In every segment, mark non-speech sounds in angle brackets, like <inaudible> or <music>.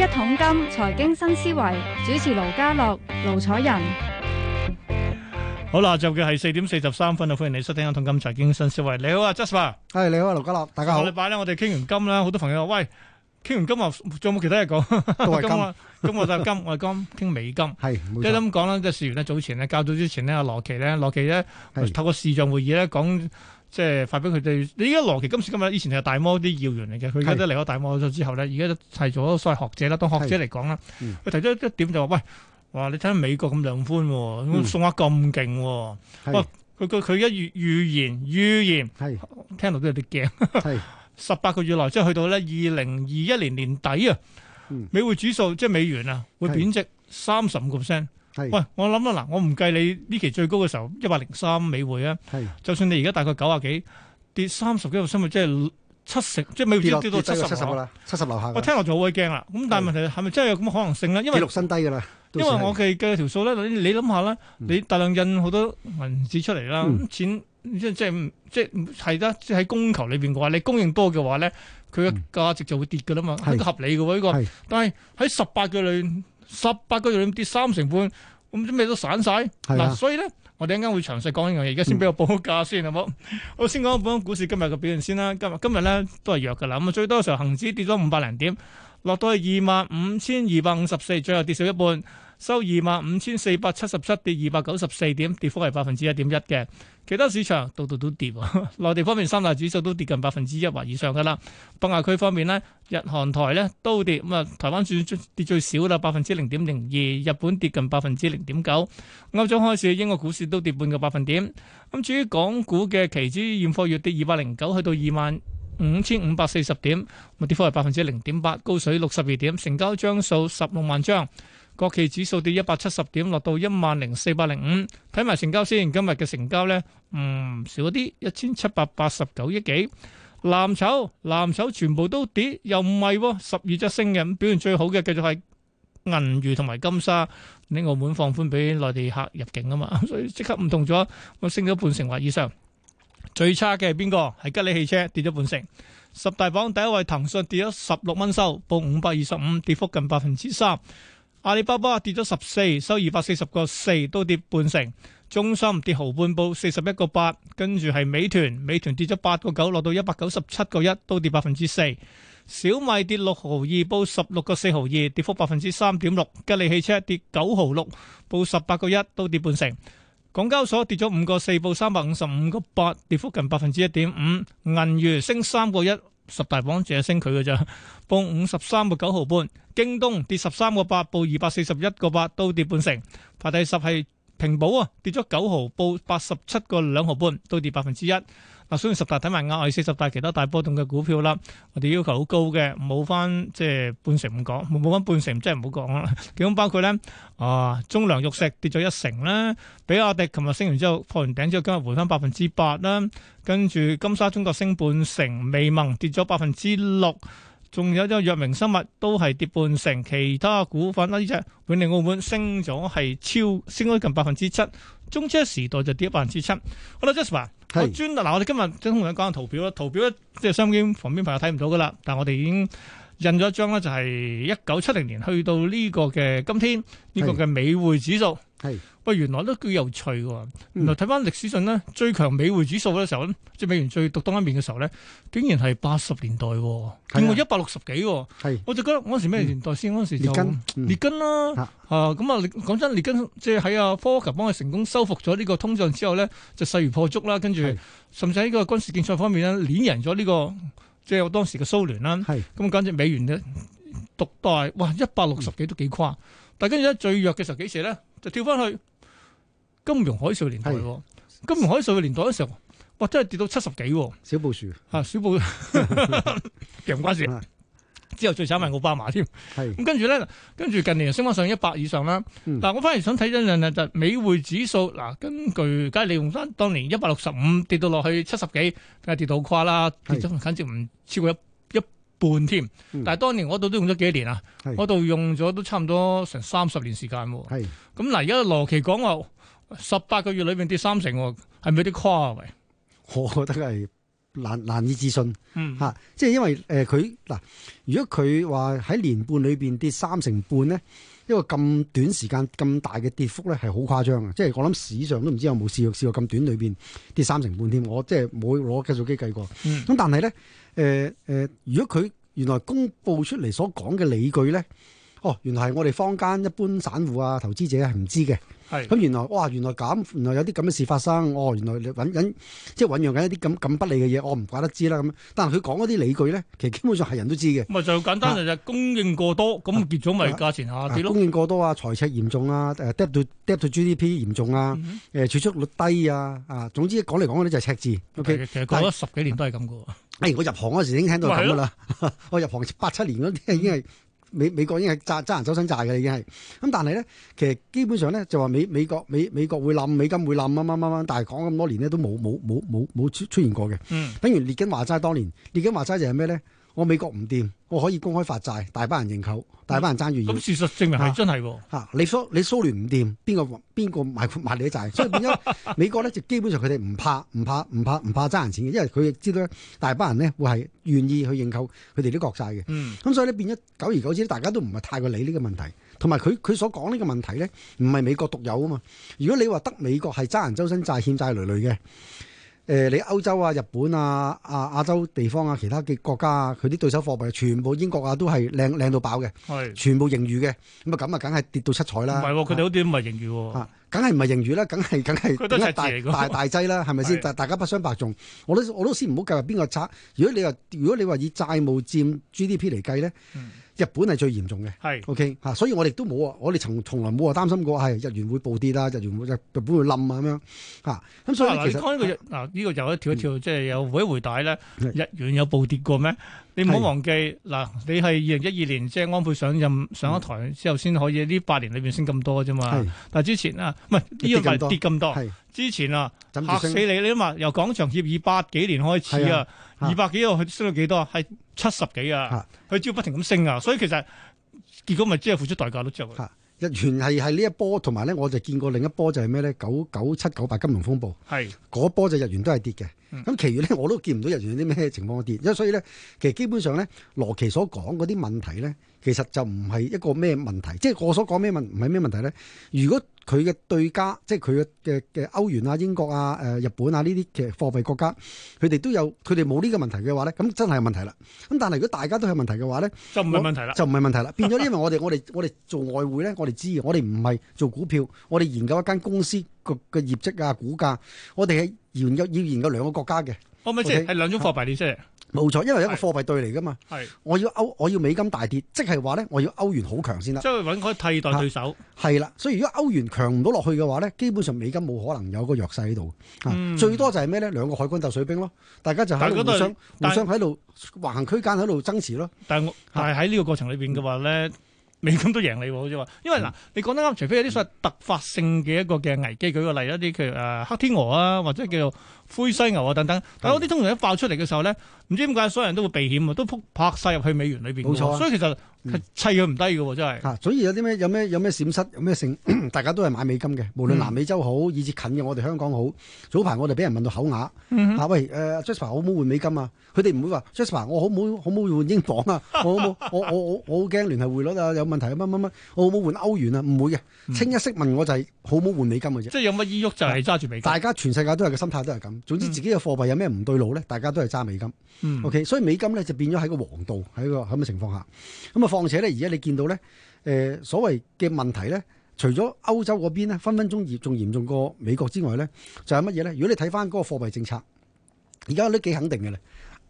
一桶金財經新思維主持盧家樂、盧楚仁，好啦，就嘅係四點四十三分啦，歡迎你收聽一桶金財經新思維。你好啊，Jasper，係你好啊，盧家樂，大家好。上禮拜咧，我哋傾完金啦，好多朋友話喂，傾完金啊，仲有冇其他嘢講？都係金啊，今日就金，我哋今傾美金，係即係咁講啦。即係事前咧，早前咧，較早之前咧，阿羅奇咧，羅奇咧，透過視像會議咧講。即係發俾佢哋，你而家羅奇今時今日以前係大摩啲要員嚟嘅，佢都嚟咗大摩咗之後咧，而家都係做咗所謂學者啦。當學者嚟講啦，佢、嗯、提出一點就話，喂，哇！你睇下美國咁量寬，送下咁勁，嗯、哇！佢佢佢一語語言語言，語言是聽到都有啲驚。十八是 <laughs> 個月內，即係去到咧二零二一年年底啊，是嗯、美匯指數即係美元啊，會貶值三十五個 percent。喂，我諗啦，嗱，我唔計你呢期最高嘅時候一百零三美匯啊，係，就算你而家大概九啊幾，跌三十幾個新幣，即係七成，即係美匯跌到七十啦，七十樓下，我聽落就好鬼驚啦。咁但係問題係咪真係有咁嘅可能性咧？紀錄新低噶啦，因為我計計條數咧，你你諗下啦，你大量印好多銀紙出嚟啦，咁錢即係即係即係得，即係喺供求裏邊嘅話，你供應多嘅話咧，佢嘅價值就會跌噶啦嘛，呢個合理噶喎呢個，但係喺十八個月裏，十八個月裏跌三成半。咁準備都散晒，嗱、啊啊，所以咧，我哋一陣間會詳細講呢樣嘢，而家先俾我報個價、嗯、先，好冇？我 <laughs> 先講本股市今日嘅表現先啦，今日今日咧都係弱噶啦，咁啊最多嘅時候恒指跌咗五百零點，落到去二萬五千二百五十四，最後跌少一半。收二萬五千四百七十七，跌二百九十四點，跌幅係百分之一點一嘅。其他市場度度都，都，都跌，啊， <laughs> 內地方面三大指數都跌近百分之一或以上噶啦。北亞區方面呢日韓台呢都跌，咁啊台灣最跌最少啦，百分之零點零二，日本跌近百分之零點九。歐洲開市，英國股市都跌半個百分點。咁至於港股嘅期指現貨，月跌二百零九，去到二萬五千五百四十點，咁跌幅係百分之零點八，高水六十二點，成交張數十六萬張。國企指數跌一百七十點，落到一萬零四百零五。睇埋成交先，今日嘅成交咧唔、嗯、少啲一千七百八十九億幾。藍籌藍籌全部都跌，又唔係喎，十二隻升嘅。表現最好嘅繼續係銀娛同埋金沙。你澳門放寬俾內地客入境啊嘛，所以即刻唔同咗，我升咗半成或以上。最差嘅係邊個？係吉利汽車跌咗半成。十大榜第一位騰訊跌咗十六蚊收，報五百二十五，跌幅近百分之三。阿里巴巴跌咗十四，收二百四十個四，都跌半成。中芯跌毫半報，四十一個八，跟住係美團，美團跌咗八個九，落到一百九十七個一，都跌百分之四。小米跌六毫二，報十六個四毫二，跌幅百分之三點六。吉利汽車跌九毫六，報十八個一，都跌半成。港交所跌咗五個四，報三百五十五個八，跌幅近百分之一點五。銀娛升三個一。十大榜淨係升佢㗎咋？報五十三個九毫半，京東跌十三個八，報二百四十一個八，都跌半成，排第十係。平保啊，跌咗九毫，報八十七個兩毫半，都跌百分之一。嗱，雖然十大睇埋啱，我哋四十大其他大波動嘅股票啦。我哋要求好高嘅，冇翻即係半成唔講，冇翻半成真係唔好講啦。其中包括咧，啊，中糧肉食跌咗一成啦，比亞迪琴日升完之後破完頂之後，今日回翻百分之八啦。跟住金沙中國升半成，微盟跌咗百分之六。仲有隻藥明生物都係跌半成，其他股份啦。呢隻永利澳門升咗係超升咗近百分之七，中車時代就跌咗百分之七。好啦 Jasper，好專。嗱我哋今日同係講下圖表啦，圖表即係相機旁邊朋友睇唔到噶啦，但係我哋已經印咗一張咧，就係一九七零年去到呢個嘅今天呢個嘅美匯指數。係喂，原來都幾有趣。原來睇翻歷史上呢，最強美匯指數嘅時候咧，即係美元最獨當一面嘅時候呢，竟然係八十年代，超過一百六十幾。係，我就覺得嗰時咩年代先？嗰時就列根啦。啊，咁啊，講真，列根即係喺阿科克幫佢成功收復咗呢個通脹之後呢，就勢如破竹啦。跟住，甚至喺個軍事競賽方面呢，碾贏咗呢個即係當時嘅蘇聯啦。咁啊，簡直美元咧獨大哇，一百六十幾都幾誇。但跟住咧，最弱嘅時候幾時咧？就跳翻去金融海嘯年代，金融海嘯嘅年代嘅時候，哇真係跌到七十幾，小布殊嚇小布殊，唔 <laughs> 關事。嗯、之後最慘係奧巴馬添，咁、嗯嗯嗯、跟住咧，跟住近年又升翻上一百以上啦。嗱、啊，我反而想睇一樣嘢就係美匯指數。嗱、啊，根據假如用翻當年一百六十五跌到落去七十幾，梗係跌到誇啦，跌咗近乎唔超過一。半添，但係當年我度、嗯、都用咗幾年啊，我度是用咗都差唔多成三十年時間喎。咁嗱是，而家羅奇講話十八個月裏邊跌三成，係咪有啲誇啊？我覺得係難難以置信，嚇、嗯啊，即係因為誒佢嗱，如果佢話喺年半裏邊跌三成半咧。因為咁短時間咁大嘅跌幅咧，係好誇張啊。即係我諗史上都唔知有冇試過試過咁短裏邊跌三成半添，我即係冇攞計數機計過。咁、嗯、但係咧，誒、呃、誒、呃，如果佢原來公佈出嚟所講嘅理據咧？哦，原來係我哋坊間一般散戶啊、投資者係唔知嘅。係咁的原來，哇原來咁，原來有啲咁嘅事發生。哦，原來你揾緊，即係揾用緊一啲咁咁不利嘅嘢，我、哦、唔怪得知啦。咁但係佢講嗰啲理據咧，其實基本上係人都知嘅。咪就簡單嘅就，供應過多咁結咗咪價錢下跌咯。供應過多啊，財赤嚴重啊，誒 debt to debt to GDP 嚴重啊，誒儲蓄率低啊，啊總之講嚟講去咧就係赤字。O、okay? K，其實講咗十幾年都係咁個。誒、哎，我入行嗰時已經聽到咁噶啦。我入行八七年嗰啲已經係、哎。美美國已經係揸揸人周身債嘅，已經係咁。但係咧，其實基本上咧就話美美國美美國會冧，美金會冧，乜乜乜乜，但係講咁多年咧都冇冇冇冇冇出出現過嘅。嗯，等如列根話齋當年，列根話齋就係咩咧？我美國唔掂，我可以公開發債，大班人認購，大班人爭預。咁事實證明係真係喎。你蘇你蘇聯唔掂，邊個邊個買買你啲債？所以變咗美國咧，就 <laughs> 基本上佢哋唔怕唔怕唔怕唔怕爭人錢嘅，因為佢亦知道咧，大班人咧會係願意去認購佢哋啲國債嘅。咁、嗯、所以咧變咗，久而久之大家都唔係太過理呢個問題。同埋佢佢所講呢個問題咧，唔係美國獨有啊嘛。如果你話得美國係爭人周身債欠債累累嘅。誒，你、呃、歐洲啊、日本啊、亞、啊、亞洲地方啊、其他嘅國家啊，佢啲對手貨幣全部英國啊都係靚靚到爆嘅，飽係全部盈餘嘅，咁啊咁啊梗係跌到七彩啦。唔係，佢哋好啲唔係盈餘喎。啊梗係唔係盈餘啦，梗係梗係大大大劑啦，係咪先？但係的大家不相伯仲，我都我都先唔好計話邊個拆。如果你話如果你話以債務占 GDP 嚟計咧，嗯、日本係最嚴重嘅。係的 OK 嚇，所以我哋都冇啊，我哋從從來冇話擔心過，係、哎、日元會暴跌啦，日元日本會冧啊咁樣嚇。咁所以其實嗱，呢、啊啊啊這個又一跳一跳，即係有回一回帶咧。日元有暴跌過咩？你唔好忘記嗱，是，你係二零一二年即係安倍上任上咗台之後，先可以呢八、嗯、年裏邊升咁多啫嘛。是但係之前啊，唔係呢樣係跌咁多。之前啊，吓死你！你諗嘛，由廣場協議八幾年開始啊，啊二百幾度去升到幾多？係七十幾啊，佢、啊、只要不停咁升啊，所以其實結果咪只係付出代價咯，即係、啊。日元係係呢一波，同埋咧，我就見過另一波就係咩咧？九九七九八金融風暴，係嗰是一波就日元都係跌嘅。咁、嗯、其餘咧，我都見唔到日元有啲咩情況跌。因為所以咧，其實基本上咧，羅奇所講嗰啲問題咧。其實就唔係一個咩問題，即係我所講咩問唔係咩問題咧？如果佢嘅對家，即係佢嘅嘅嘅歐元啊、英國啊、誒、呃、日本啊呢啲嘅貨幣國家，佢哋都有，佢哋冇呢個問題嘅話咧，咁真係有問題啦。咁但係如果大家都有問題嘅話咧，就唔係問題啦，就唔係問題啦。變咗，因為我哋我哋我哋做外匯咧，我哋知，我哋唔係做股票， <laughs> 我哋研究一間公司個嘅業績啊、股價，我哋係研究要研究兩個國家嘅。我咪即係兩種貨幣，你即係冇錯，因為一個貨幣對嚟噶嘛。係的我要歐我要美金大跌，即係話咧，我要歐元好強先啦。即係搵個替代對手。係啦，所以如果歐元強唔到落去嘅話咧，基本上美金冇可能有嗰個弱勢喺度。嗯、最多就係咩咧？兩個海軍鬥水兵咯，大家就可能互相喺度橫行區間喺度爭持咯。但係喺呢個過程裏邊嘅話咧，美金都贏你，好似話，因為嗱，嗯、你講得啱，除非有啲所謂突發性嘅一個嘅危機，舉個例一啲，譬如誒黑天鵝啊，或者叫做。灰犀牛啊，等等，但係嗰啲通常一爆出嚟嘅時候咧，唔知點解所有人都會避險啊，都撲拍晒入去美元裏邊。冇錯，所以其實砌佢唔低嘅，真係。吓，所以有啲咩有咩有咩閃失，有咩性？大家都係買美金嘅，無論南美洲好，以至近嘅我哋香港好。早排我哋俾人問到口啞，喂，誒，Jasper 好冇換美金啊？佢哋唔會話 Jasper 我好冇好冇換英鎊啊？我好冇我我我我好驚聯繫匯率啊，有問題啊乜乜乜？我好冇換歐元啊？唔會嘅，清一色問我就係好冇換美金嘅啫。即係有乜依郁就係揸住美金。大家全世界都係個心態都係咁。總之自己嘅貨幣有咩唔對路咧，大家都係揸美金，嗯，OK，所以美金咧就變咗喺個黃道喺個咁嘅情況下，咁啊，況且咧而家你見到咧，誒所謂嘅問題咧，除咗歐洲嗰邊咧分分鐘嚴重嚴重過美國之外咧，就係乜嘢咧？如果你睇翻嗰個貨幣政策，而家都幾肯定嘅咧，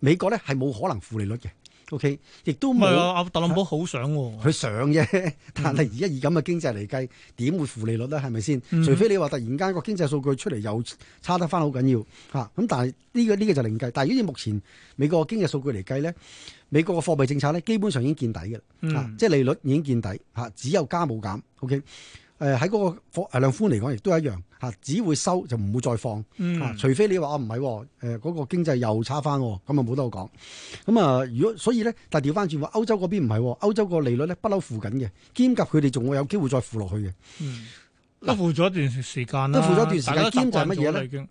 美國咧係冇可能負利率嘅。O K，亦都唔係啊，特朗普好想喎，佢、啊、想啫。但係而家以咁嘅經濟嚟計，點 <laughs> 會負利率咧？係咪先？除非你話突然間個經濟數據出嚟又差得返好緊要嚇。咁、啊、但係呢、呢個呢、呢個就另計。但係如果以目前美國嘅經濟數據嚟計咧，美國嘅貨幣政策咧，基本上已經見底嘅。嗯、啊， <laughs> 即係利率已經見底嚇、啊，只有加冇減。O K。誒，喺嗰、呃那個貨誒量寬嚟講，亦都一樣吓，只會收就唔會再放，嗯啊、除非你話我唔係，誒、啊、嗰、哦呃那個經濟又差翻，咁啊冇得我講。咁、嗯、啊，如果所以咧，但係調翻轉話，歐洲嗰邊唔係，歐洲個利率咧不嬲負緊嘅，兼及佢哋仲會有機會再負落去嘅。嗯，都負咗一段時間啦，都負咗一段時間，兼就係乜嘢咧？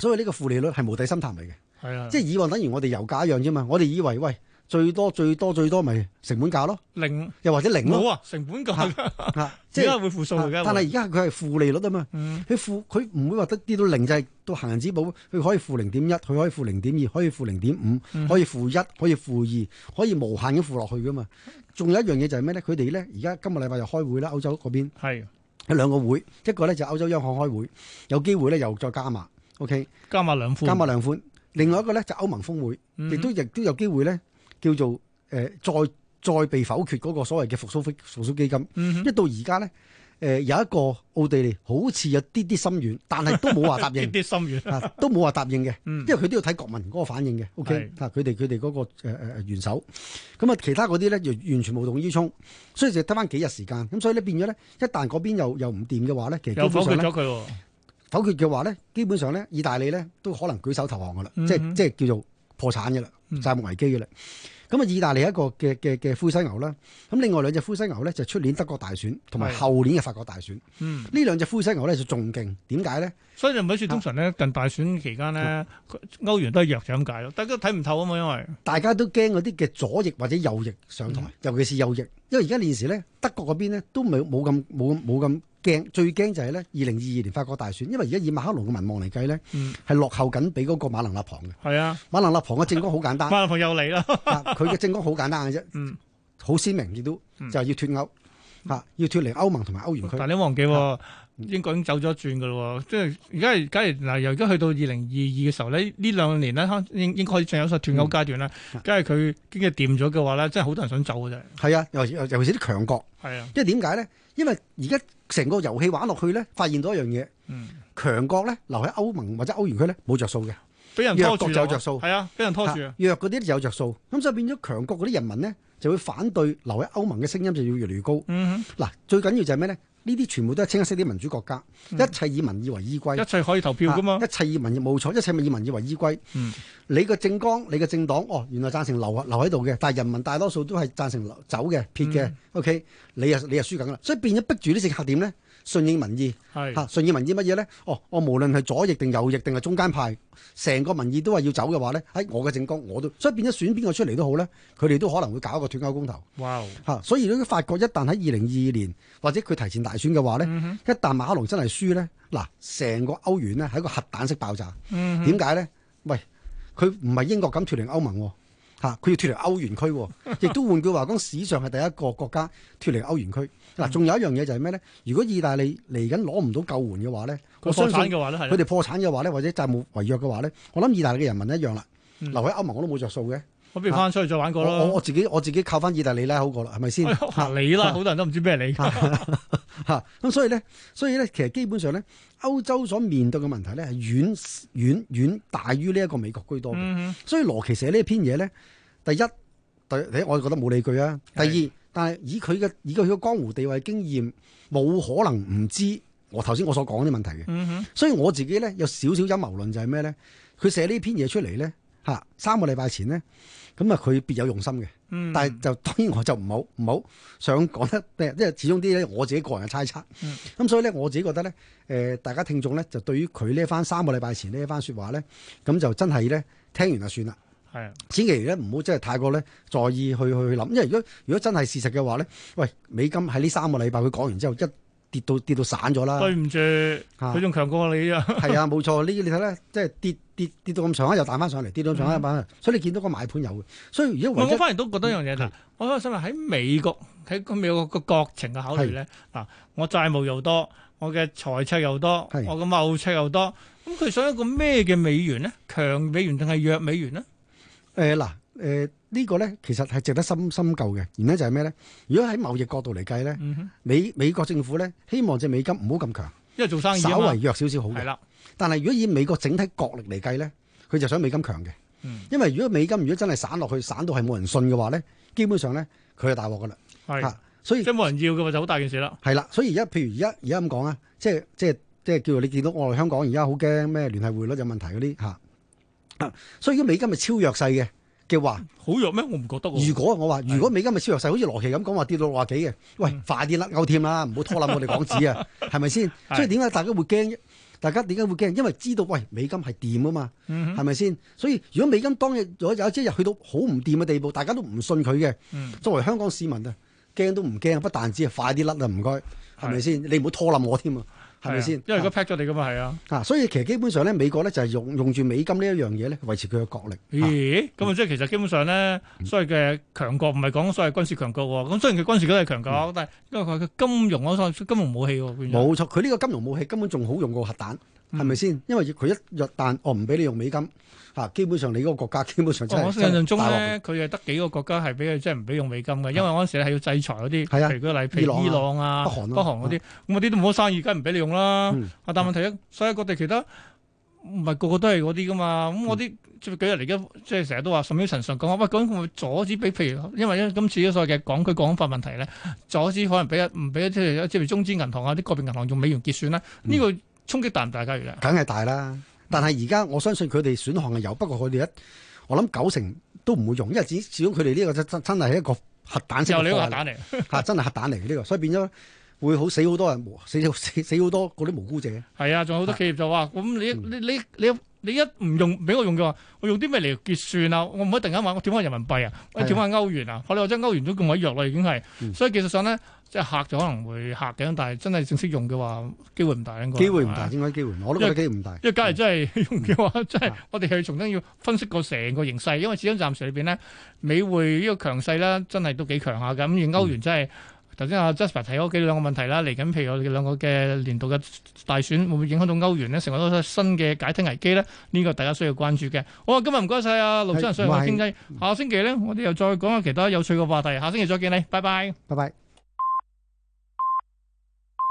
所以呢個負、哦、利率係、嗯、無底深潭嚟嘅，係啊的，即係以往等於我哋油價一樣啫嘛，我哋以為喂。最多最多最多咪成本價咯，零又或者零咯，冇啊，成本價即而家會負數嚟嘅。但係而家佢係負利率啊嘛，佢負佢唔會話得跌到零，就係、是、到行人指保佢可以負零點一，佢可以負零點二，可以負零點五，可以負一，可以負二，可以無限嘅負落去噶嘛。仲有一樣嘢就係、是、咩呢？佢哋咧而家今個禮拜又開會啦，歐洲嗰邊係有兩個會，一個咧就歐洲央行開會，有機會咧又再加碼。O.K. 加碼兩款，加碼兩款。另外一個咧就歐盟峰會，亦都亦都有機會咧。叫做誒、呃、再再被否決嗰個所謂嘅復蘇復甦基金，一、嗯、哼到而家咧誒有一個奧地利好似有啲啲心軟，但係都冇話答應，啲 <laughs> 心軟 <laughs> 啊都冇話答應嘅，嗯、因為佢都要睇國民嗰個反應嘅。O K，嗱佢哋佢哋嗰個誒元首，咁啊其他嗰啲咧就完全無動於衷，所以就得翻幾日時間。咁所以咧變咗咧，一旦嗰邊又又唔掂嘅話咧，其實基本上咧否決嘅、哦、話咧，基本上咧意大利咧都可能舉手投降噶啦了，即即係叫做。破產嘅啦，債務危機嘅啦。咁啊、嗯，意大利一個嘅嘅嘅灰犀牛啦。咁另外兩隻灰犀牛咧就出、是、年德國大選同埋後年嘅法國大選。嗯，呢兩隻灰犀牛咧就仲勁。點解咧？所以人哋咪話通常咧近大選期間咧、啊、歐元都係弱就咁解咯。大家都睇唔透啊嘛，因為大家都驚嗰啲嘅左翼或者右翼上台，嗯、尤其是右翼，因為而家呢陣時咧德國嗰邊咧都冇冇咁冇冇咁。驚最驚就係咧，二零二二年法國大選，因為而家以馬克龍嘅民望嚟計咧，係落後緊畀嗰個馬能納旁嘅。係啊，馬能納旁嘅政綱好簡單。馬立旁又嚟啦，佢嘅政綱好簡單嘅啫，好鮮明亦都，就係要脫歐，吓，要脫離歐盟同埋歐元區。但你忘記英國已經走咗一轉噶啦，即係而家係假如嗱，由而家去到二零二二嘅時候咧，呢兩年咧應應該仲有晒脫歐階段啦。梗係佢經濟掂咗嘅話咧，真係好多人想走嘅啫。係啊，尤尤其是啲強國。係啊，即係點解咧？因為而家成個遊戲玩落去咧，發現到一樣嘢，強國咧留喺歐盟或者歐元區咧冇着數嘅，弱國就有着數，係啊，俾人拖住弱嗰啲就有着數，咁所以變咗強國嗰啲人民咧就會反對留喺歐盟嘅聲音就要越嚟越高。嗱，mm hmm.，最緊要就係咩咧？呢啲全部都係清晰啲民主國家，一切以民意為依歸，一切可以投票噶嘛，一切以民意冇錯，一切咪以民意為依歸。你個政綱，你個政黨，哦，原來贊成留留喺度嘅，但係人民大多數都係贊成走嘅、撇嘅。嗯、OK，你又你又輸緊啦，所以變咗逼住啲政客點咧？順應民意，係、啊、嚇，順應民意乜嘢咧？哦，我無論係左翼定右翼定係中間派，成個民意都話要走嘅話咧，喺、哎、我嘅政綱我都，所以變咗選邊個出嚟都好咧，佢哋都可能會搞一個脫歐公投。哇！嚇，所以你都發覺一旦喺二零二二年或者佢提前大選嘅話咧，mm hmm. 一旦馬克龍真係輸咧，嗱，成個歐元咧係一個核彈式爆炸。點解咧？喂，佢唔係英國咁脱離歐盟，啊。嚇！佢要脱離歐元區，亦都換句話講，史上係第一個國家脱離歐元區。嗱，仲有一樣嘢就係咩咧？如果意大利嚟緊攞唔到救援嘅話咧，話我相信嘅話咧，係佢哋破產嘅話咧，或者債務違約嘅話咧，我諗意大利嘅人民一樣啦。留喺歐盟我都冇着數嘅。我變翻出去再玩過啦！我我自己我自己靠翻意大利啦好過啦，係咪先？你啦，好、啊、多人都唔知咩係你。吓咁、啊啊啊啊啊，所以咧，所以咧，其實基本上咧，歐洲所面對嘅問題咧，係遠遠遠大於呢一個美國居多嘅。嗯、哼所以羅奇寫呢一篇嘢，咧，第一，第一，我覺得冇理據啊。第二，是但係以佢嘅以佢嘅江湖地位經驗，冇可能唔知我頭先我所講啲問題嘅。嗯、哼所以我自己咧有少少陰謀論，就係咩咧？佢寫呢篇嘢出嚟，咧。三個禮拜前呢，咁啊佢別有用心嘅，嗯、但係就當然我就唔好唔好想講得，即係始終啲咧我自己個人嘅猜測，咁、嗯、所以咧我自己覺得咧，誒、呃、大家聽眾咧就對於佢呢一番三個禮拜前呢一番説話咧，咁就真係咧聽完就算啦。係啊，千祈咧唔好真係太過咧在意去去去諗，因為如果如果真係事實嘅話咧，喂，美金喺呢三個禮拜佢講完之後一跌到跌到散咗啦，對唔住，佢仲、啊、強過你啊，係啊冇錯，呢個你睇咧即係跌。跌跌到咁上下又彈翻上嚟，跌到咁上下啊、嗯，所以你見到個買盤有嘅。所以而家、嗯、我反而都覺得一樣嘢，嗱是，我想問喺美國喺咁美國個國情嘅考慮咧，嗱是，我債務又多，我嘅財赤又多，是我嘅貿赤又多，咁佢想一個咩嘅美元呢？強美元定係弱美元呢？誒嗱誒，呃呃這個、呢個咧其實係值得深深究嘅。原因就係咩咧？如果喺貿易角度嚟計咧，美、嗯、哼美國政府咧希望隻美金唔好咁強，因為做生意稍為弱少少好嘅。的但係如果以美國整體國力嚟計咧，佢就想美金強嘅，嗯、因為如果美金如果真係散落去，散到係冇人信嘅話咧，基本上咧佢係大鑊噶啦，吓是、啊，所以即係冇人要嘅嘛，就好大件事啦。係啦，所以而家譬如而家而家咁講啊，即係即係即係，即叫你見到我哋香港而家好驚咩聯繫匯率有問題嗰啲吓，所以，以、啊、如果如果美金咪超弱勢嘅嘅話，的好弱咩？我唔覺得。如果我話如果美金咪超弱勢，好似羅奇咁講話跌到六啊幾嘅，喂，快啲甩嘔添啦，唔好、 <laughs> 呃、拖冧我哋港紙啊，係咪先？所以點解大家會驚啫？大家點解會驚？因為知道喂美金係掂啊嘛，係咪先？所以如果美金當日有一朝日去到好唔掂嘅地步，大家都唔信佢嘅。嗯、作為香港市民啊，驚都唔驚，不但止啊，快啲甩啦，唔該，係咪先？你唔好拖冧我添啊！係咪先？是是因為佢 peg 咗你噶嘛，係啊！啊，啊所以其實基本上咧，美國咧就係用用住美金一呢一樣嘢咧維持佢嘅國力。咦、欸？咁啊，即係其實基本上咧，所謂嘅強國唔係講所謂軍事強國喎、哦。咁雖然佢軍事都係強國，嗯、但係因為佢金融，所以金融武器喎、哦。冇錯，佢呢個金融武器根本仲好用過核彈，係咪先？嗯、因為佢一若彈，我唔俾你用美金。吓、啊，基本上你嗰個國家基本上、啊、我印象中咧，佢係得幾個國家係俾佢即係唔俾用美金嘅，啊、因為嗰陣時係要制裁嗰啲。係啊，譬如個例譬如伊朗啊、朗啊北韓嗰、啊、啲，咁啲、啊啊、都冇得生意，梗係唔俾你用啦。啊、嗯，但問題一，所以各地其他唔係個,個個都係嗰啲噶嘛？咁我啲最近幾日嚟嘅，即係成日都話甚麼陳尚講話，喂、哎，咁會阻止俾譬如，因為今次所謂嘅港區國安法問題咧，阻止可能俾啊唔俾即係譬中資銀行啊啲個別銀行用美元結算啦。嗯呢個衝擊大唔大？假如啊，梗係大啦。但係而家我相信佢哋選項係有，不過佢哋一我諗九成都唔會用，因為只始終佢哋呢個真真係係一個核彈式又係核彈嚟嚇、嗯，真係核彈嚟呢、呢個，所以變咗會好死好多人，死死死好多嗰啲無辜者。係啊，仲有好多企業就話，咁、啊、你你你你你一唔用俾我用嘅話，我用啲咩嚟結算啊？我唔可以突然間話我調返人民幣啊，我調返歐元啊，我哋話將歐元都咁鬼弱啦，已經係，所以技術上咧。嗯即係吓就可能會吓嘅，但係真係正式用嘅話，機會唔大應該。機會唔大，點解機會？我都覺得機會唔大。因為假如真係用嘅話，嗯、真係我哋係重新要分析個成個形勢，嗯、因為始終暫時裏邊呢，美匯呢個強勢咧，真係都幾強下嘅。咁而歐元真係，頭先阿 Jasper 提咗幾兩個問題啦，嚟緊譬如我哋兩個嘅年度嘅大選，會唔會影響到歐元呢？成為多新嘅解體危機咧？呢、這個大家需要關注嘅。好啊，今日唔該晒啊，盧生同我傾偈。下星期咧，我哋又再講下其他有趣嘅話題。下星期再見你，拜拜。拜拜。